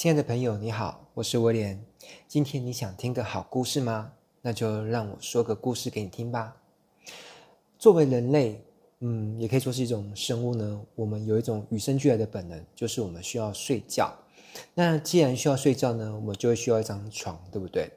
親愛的朋友，你好，我是威廉。今天你想聽個好故事嗎？那就讓我說個故事給你聽吧。作為人類，嗯，也可以說是一種生物呢。我們有一種與生俱來的本能，就是我們需要睡覺。那既然需要睡覺呢，我們就會需要一張床，對不對？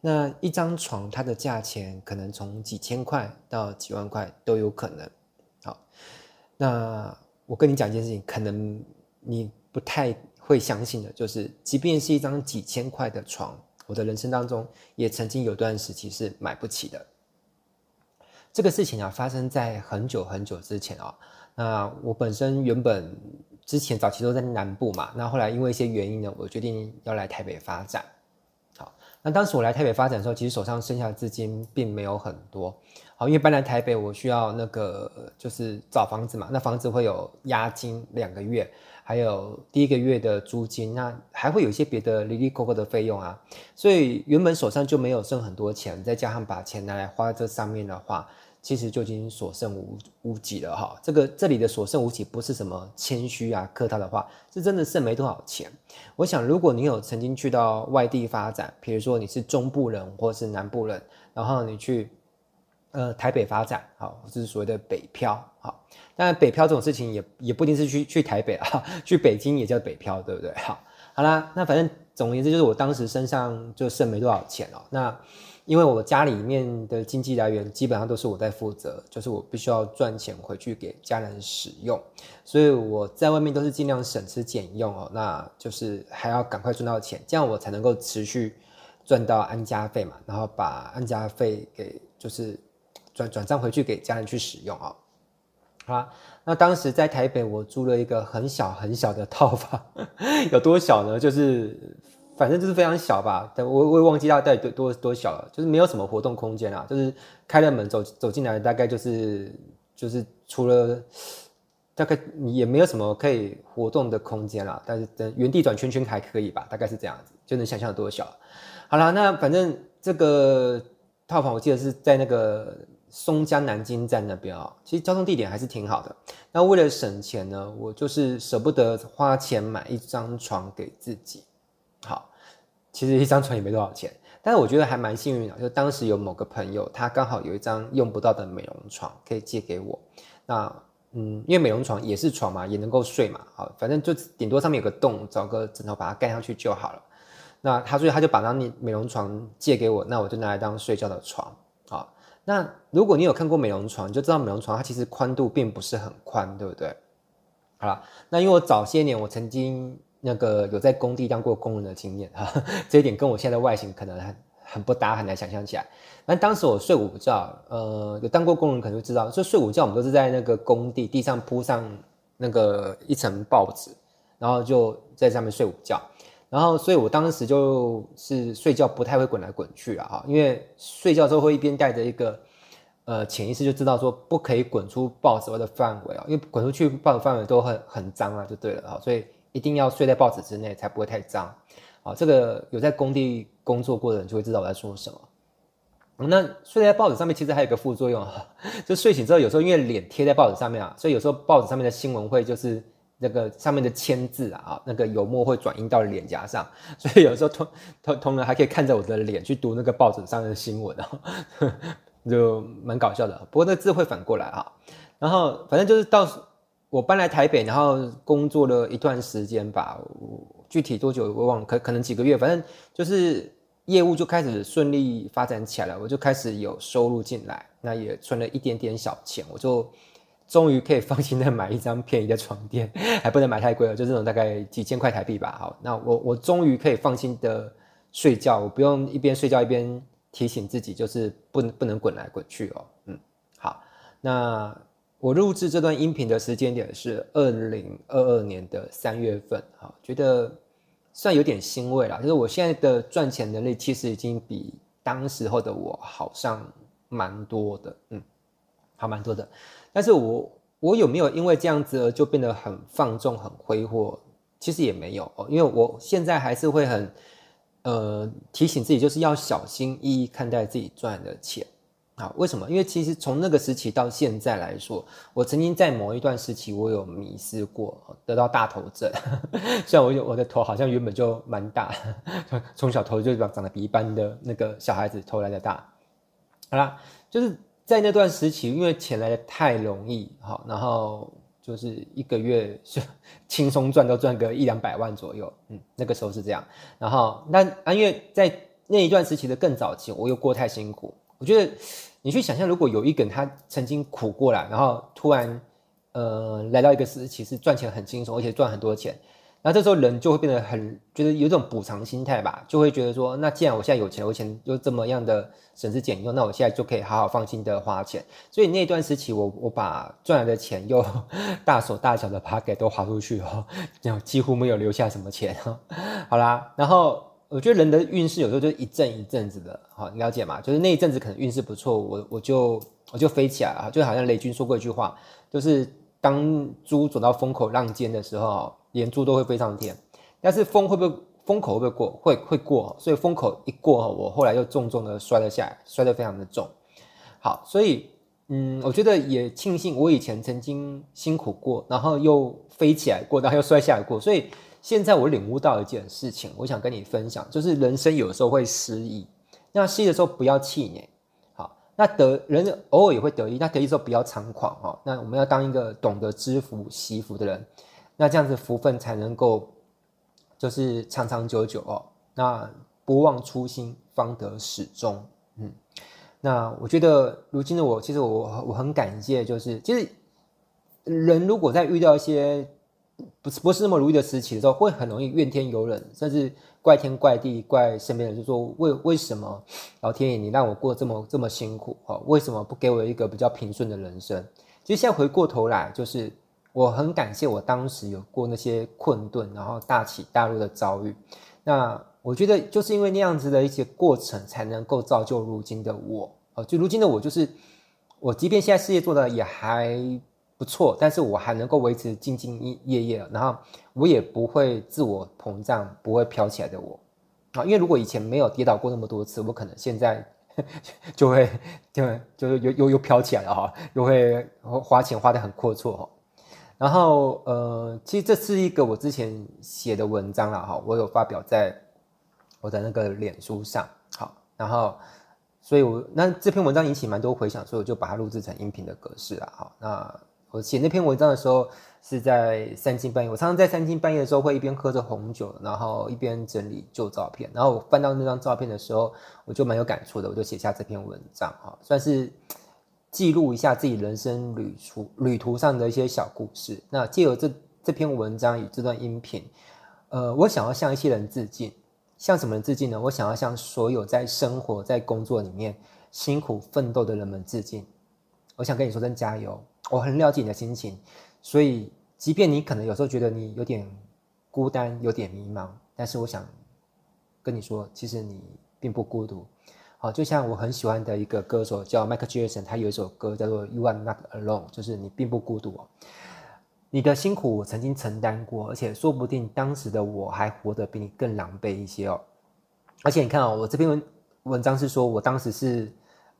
那一張床它的價錢可能從幾千塊到幾萬塊都有可能。好，那我跟你講一件事情，可能你不太。會相信的，就是即便是一張幾千塊的床，我的人生當中也曾經有段時期是買不起的。這個事情啊，發生在很久很久之前哦。那我本身原本之前早期都在南部嘛，那後來因為一些原因呢，我決定要來台北發展。好，那當時我來台北發展的時候，其實手上剩下的資金並沒有很多。好，因為搬來台北，我需要那個就是找房子嘛，那房子會有押金兩個月。還有第一個月的租金，那還會有一些別的 l i 扣扣 l 的費用啊，所以原本手上就沒有剩很多錢，再加上把錢拿來花在這上面的話，其實就已經所剩無無幾了哈。這個這裡的所剩無幾不是什麼謙虛啊客套的話，是真的剩沒多少錢。我想如果你有曾經去到外地發展，比如說你是中部人或是南部人，然後你去。呃，台北發展好，這是所謂的北漂好。那北漂這種事情也也不一定是去去台北啊，去北京也叫北漂，對不對？好，好啦，那反正總而言之就是，我當時身上就剩沒多少錢哦。那因為我家裡面的經濟來源基本上都是我在負責，就是我必須要賺錢回去給家人使用，所以我在外面都是儘量省吃儉用哦。那就是還要趕快賺到錢，這樣我才能夠持續賺到安家費嘛，然後把安家費給就是。轉轉賬回去給家人去使用啊，好啦，那當時在台北，我租了一個很小很小的套房，有多小呢？就是反正就是非常小吧，但我我也忘記到，到底多多多小了，就是沒有什麼活動空間啊，就是開了門走走進來大概就是就是除了大概也沒有什麼可以活動的空間啊。但是等原地轉圈圈還可以吧，大概是這樣子，就能想象有多小。好了，那反正這個套房我記得是在那個。松江南京站那邊，其實交通地點還是挺好的。那為了省錢呢，我就是捨不得花錢買一張床給自己。好，其實一張床也沒多少錢，但是我覺得還蠻幸運的，就當時有某個朋友，他剛好有一張用不到的美容床可以借給我。那，嗯，因為美容床也是床嘛，也能夠睡嘛。好，反正就頂多上面有個洞，找個枕頭把它蓋上去就好了。那他所以他就把那美容床借給我，那我就拿來當睡覺的床。那如果你有看過美容床，你就知道美容床它其實寬度並不是很寬，對不對？好啦，那因為我早些年我曾經那個有在工地當過工人的經驗啊，這一點跟我現在的外形可能很很不搭，很難想象起來。但當時我睡午覺，呃，有當過工人可能就知道，就睡午覺，我們都是在那個工地地上鋪上那個一層報紙，然後就在上面睡午覺。然後，所以我當時就是睡覺不太會滾來滾去啊。哈，因為睡覺之後會一邊帶着一個，呃，潛意識就知道說不可以滾出報紙外的範圍啊。因為滾出去報紙範圍都很很髒啊，就對了哈，啊，所以一定要睡在報紙之內才不會太髒。啊，這個有在工地工作過的人就會知道我在說什麼。那睡在報紙上面其實還有一個副作用啊，就睡醒之後有時候因為臉貼在報紙上面啊，所以有時候報紙上面的新聞會就是。那個上面的簽字啊，那個油墨會轉印到臉頰上，所以有時候同同同仁還可以看着我的臉去讀那個報紙上的新聞，啊，就蠻搞笑的，啊。不過那字會反過來啊，然後反正就是到我搬來台北，然後工作了一段時間吧，具體多久我忘了，可可能幾個月，反正就是業務就開始順利發展起來了，我就開始有收入進來，那也存了一點點小錢，我就。終於可以放心的買一張便宜的床墊，還不能買太貴了，就這種大概幾千塊台幣吧。好，那我我終於可以放心的睡覺，我不用一邊睡覺一邊提醒自己，就是不不能滾來滾去哦。嗯，好，那我錄製這段音頻的時間點是二零二二年的三月份，好，覺得算有點欣慰了，就是我現在的賺錢能力其實已經比當時候的我好像蠻多的，嗯，好，蠻多的。但是我我有沒有因為這樣子而就變得很放縱、很揮霍？其實也沒有哦，因為我現在還是會很呃提醒自己，就是要小心翼翼看待自己賺的錢啊。好，為什麼？因為其實從那個時期到現在來說，我曾經在某一段時期，我有迷失過，得到大頭症。雖 然我有我的頭好像原本就蠻大，從小頭就長長得比一般的那個小孩子頭來的大。好啦，就是。在那段時期，因為錢來得太容易，好，然後就是一個月就輕鬆賺都賺個一兩百萬左右，嗯，那個時候是這樣。然後那啊，因為在那一段時期的更早期，我又過太辛苦。我覺得你去想象，如果有一個人，他曾經苦過了，然後突然呃來到一個時期是賺錢很輕鬆，而且賺很多錢。那、啊、這時候人就會變得很，覺得有一種補償心態吧，就會覺得說，那既然我現在有錢，我錢又這麼樣的省吃儉用，那我現在就可以好好放心的花錢。所以那段時期我，我我把賺來的錢又大手大腳的把它給都花出去了，然、哦、後幾乎沒有留下什麼錢、哦。好啦，然後我覺得人的運勢有時候就一陣一陣子的，好、哦、你了解嘛，就是那一陣子可能運勢不錯，我我就我就飛起來了，就好像雷軍說過一句話，就是當豬走到風口浪尖的時候。連豬都會飛上天，但是風會不會，風口會不會過，會會過，所以風口一過，我後來又重重的摔了下來，摔得非常的重。好，所以嗯，我覺得也慶幸我以前曾經辛苦過，然後又飛起來過，然後又摔下來過，所以現在我領悟到一件事情，我想跟你分享，就是人生有時候會失意，那失意的時候不要氣餒，好，那得人偶爾也會得意，那得意的時候不要猖狂哈、哦，那我們要當一個懂得知福惜福的人。那這樣子福分才能夠，就是長長久久哦。那不忘初心，方得始終。嗯，那我覺得如今的我，其實我我很感謝，就是其實人如果在遇到一些不是不是那麼如意的時期的時候，會很容易怨天尤人，甚至怪天怪地怪身邊人，就說為為什麼老天爺你讓我過得這麼這麼辛苦哦，為什麼不給我一個比較平順的人生？其實現在回過頭來，就是。我很感謝我當時有過那些困頓，然後大起大落的遭遇。那我覺得就是因為那樣子的一些過程，才能夠造就如今的我。就如今的我，就是我，即便現在事業做得也還不錯，但是我還能夠維持兢兢業業，然後我也不會自我膨脹，不會飄起來的我。啊，因為如果以前沒有跌倒過那麼多次，我可能現在就會就就是又又又飄起來了哈，又會花錢花得很闊綽哈。然後，呃，其實這是一個我之前寫的文章啦，我有發表在我的那個臉書上，好，然後，所以我，我那這篇文章引起蠻多回響，所以我就把它錄制成音頻的格式啦，好，那我寫那篇文章的時候是在三更半夜，我常常在三更半夜的時候會一邊喝着紅酒，然後一邊整理舊照片，然後我翻到那張照片的時候，我就蠻有感觸的，我就寫下這篇文章，算是。記錄一下自己人生旅途旅途上的一些小故事。那借由這這篇文章與這段音頻，呃，我想要向一些人致敬，向什麼人致敬呢？我想要向所有在生活在工作裡面辛苦奮鬥的人們致敬。我想跟你說聲加油，我很了解你的心情，所以即便你可能有時候覺得你有點孤單，有點迷茫，但是我想跟你說，其實你並不孤獨。好、哦，就像我很喜歡的一個歌手叫邁克·傑克遜，他有一首歌叫做《You Are Not Alone》，就是你並不孤獨哦。你的辛苦我曾經承擔過，而且說不定當時的我還活得比你更狼狽一些哦。而且你看哦，我這篇文文章是說我當時是。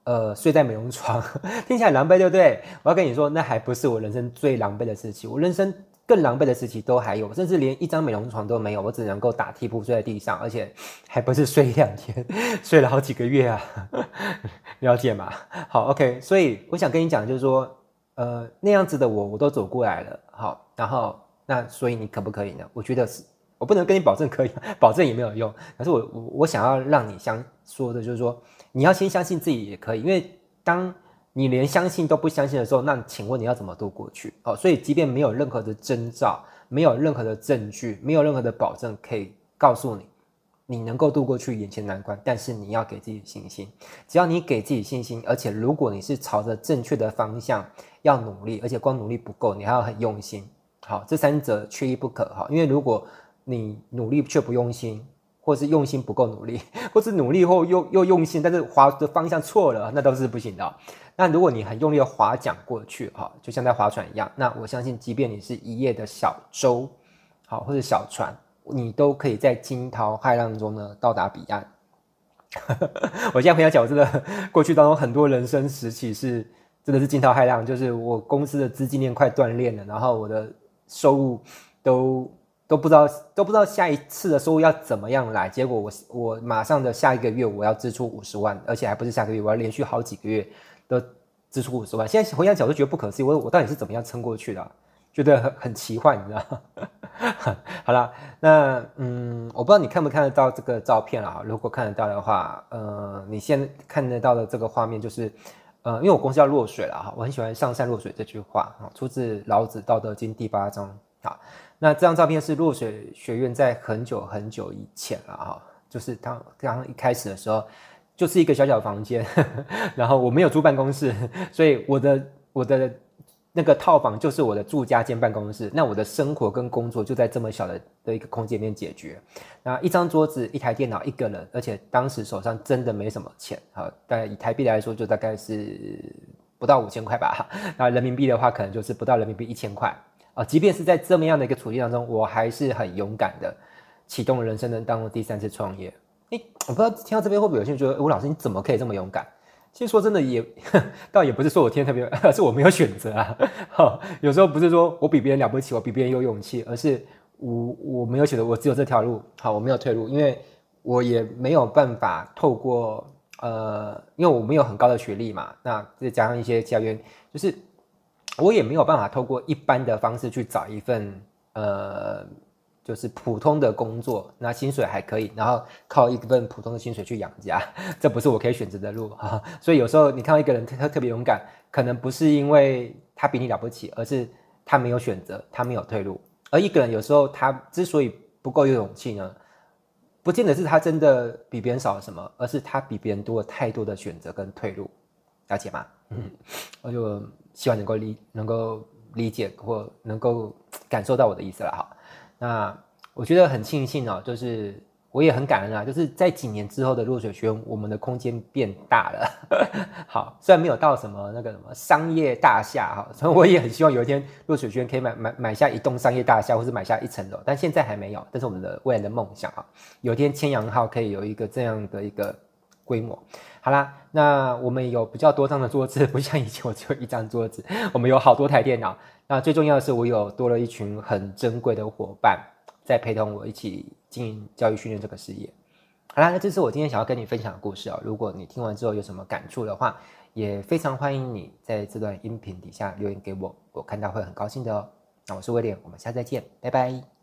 呃，睡在美容床，聽起來很狼狽，對不對？我要跟你說，那還不是我人生最狼狽的時期。我人生更狼狽的時期都還有，甚至連一張美容床都沒有，我只能夠打地鋪睡在地上，而且還不是睡一兩天，睡了好幾個月啊，了解嗎？好，OK，所以我想跟你講，就是說，呃，那樣子的我我都走過來了，好，然後那所以你可不可以呢？我覺得是。我不能跟你保證可以，保證也沒有用。可是我我想要讓你相說的就是說，你要先相信自己也可以，因為當你連相信都不相信的時候，那請問你要怎麼度過去？好，哦，所以即便沒有任何的徵兆，沒有任何的證據，沒有任何的保證可以告訴你你能夠度過去眼前難關，但是你要給自己信心。只要你給自己信心，而且如果你是朝着正確的方向要努力，而且光努力不夠，你還要很用心。好，這三者缺一不可。哈，因為如果你努力卻不用心，或是用心不夠努力，或是努力後又又用心，但是劃的方向錯了，那都是不行的。那如果你很用力的划槳過去，哈、啊，就像在划船一樣，那我相信，即便你是一葉的小舟，好、啊、或者小船，你都可以在驚濤駭浪中呢到達彼岸。 我現在回想起我這個過去當中很多人生時期是真的是驚濤駭浪，就是我公司的資金鏈快斷裂了，然後我的收入都。都不知道，都不知道下一次的收入要怎麼樣來，結果我我馬上的下一個月我要支出五十萬，而且還不是下個月，我要連續好幾個月都支出五十萬。現在回想起來都覺得不可思議，我我到底是怎麼樣撐過去的啊？覺得很很奇幻，你知道？ 好啦，那嗯，我不知道你看不看得到這個照片啊。如果看得到的話，呃，你現在看得到的這個畫面就是，呃，因為我公司要落水了哈。我很喜歡“上善若水”這句話啊，出自老子《道德經》第八章。好，那這張照片是洛水學院在很久很久以前了，啊，哈，就是當剛剛一開始的時候，就是一個小小房間， 然後我沒有租辦公室，所以我的我的那個套房就是我的住家兼辦公室，那我的生活跟工作就在這麼小的的一個空間裡面解決，那一張桌子，一台電腦，一個人，而且當時手上真的沒什麼錢哈，大概以台幣來說，就大概是不到五千塊吧，那人民幣的話，可能就是不到人民幣一千塊。啊，即便是在這麼樣的一個處境當中，我還是很勇敢的啟動了人生的當中第三次創業。誒，我不知道聽到這邊會不會有些人覺得，吳老師你怎麼可以這麼勇敢？其實說真的也，也倒也不是說我天天特別，是我沒有選擇啊。好，有時候不是說我比別人了不起，我比別人有勇氣，而是我我沒有選擇，我只有這條路，好，我沒有退路，因為我也沒有辦法透過呃，因為我沒有很高的學歷嘛，那再加上一些家緣，就是。我也沒有辦法透過一般的方式去找一份呃，就是普通的工作，那薪水還可以，然後靠一份普通的薪水去養家，這不是我可以選擇的路。呵呵。所以有時候你看到一個人他特別勇敢，可能不是因為他比你了不起，而是他沒有選擇，他沒有退路。而一個人有時候他之所以不夠有勇氣呢，不見得是他真的比別人少了什麼，而是他比別人多了太多的選擇跟退路，了解嗎？嗯，我就希望能夠理能夠理解或能夠感受到我的意思了哈。那我覺得很慶幸哦，就是我也很感恩啊，就是在幾年之後的落水軒，我們的空間變大了。 好，雖然沒有到什麼那個什麼商業大廈哈、哦，所以我也很希望有一天落水軒可以買買買下一棟商業大廈，或是買下一層樓、哦，但現在還沒有。但是我們的未來的夢想啊、哦，有一天千陽號可以有一個這樣的一個。規模，好啦，那我們有比較多張的桌子，不像以前我只有一張桌子，我們有好多台電腦。那最重要的是，我有多了一群很珍貴的夥伴，在陪同我一起經營教育訓練這個事業。好啦，那這是我今天想要跟你分享的故事哦。如果你聽完之後有什麼感觸的話，也非常歡迎你在這段音頻底下留言給我，我看到會很高興的哦。那我是威廉，我們下次再見，拜拜。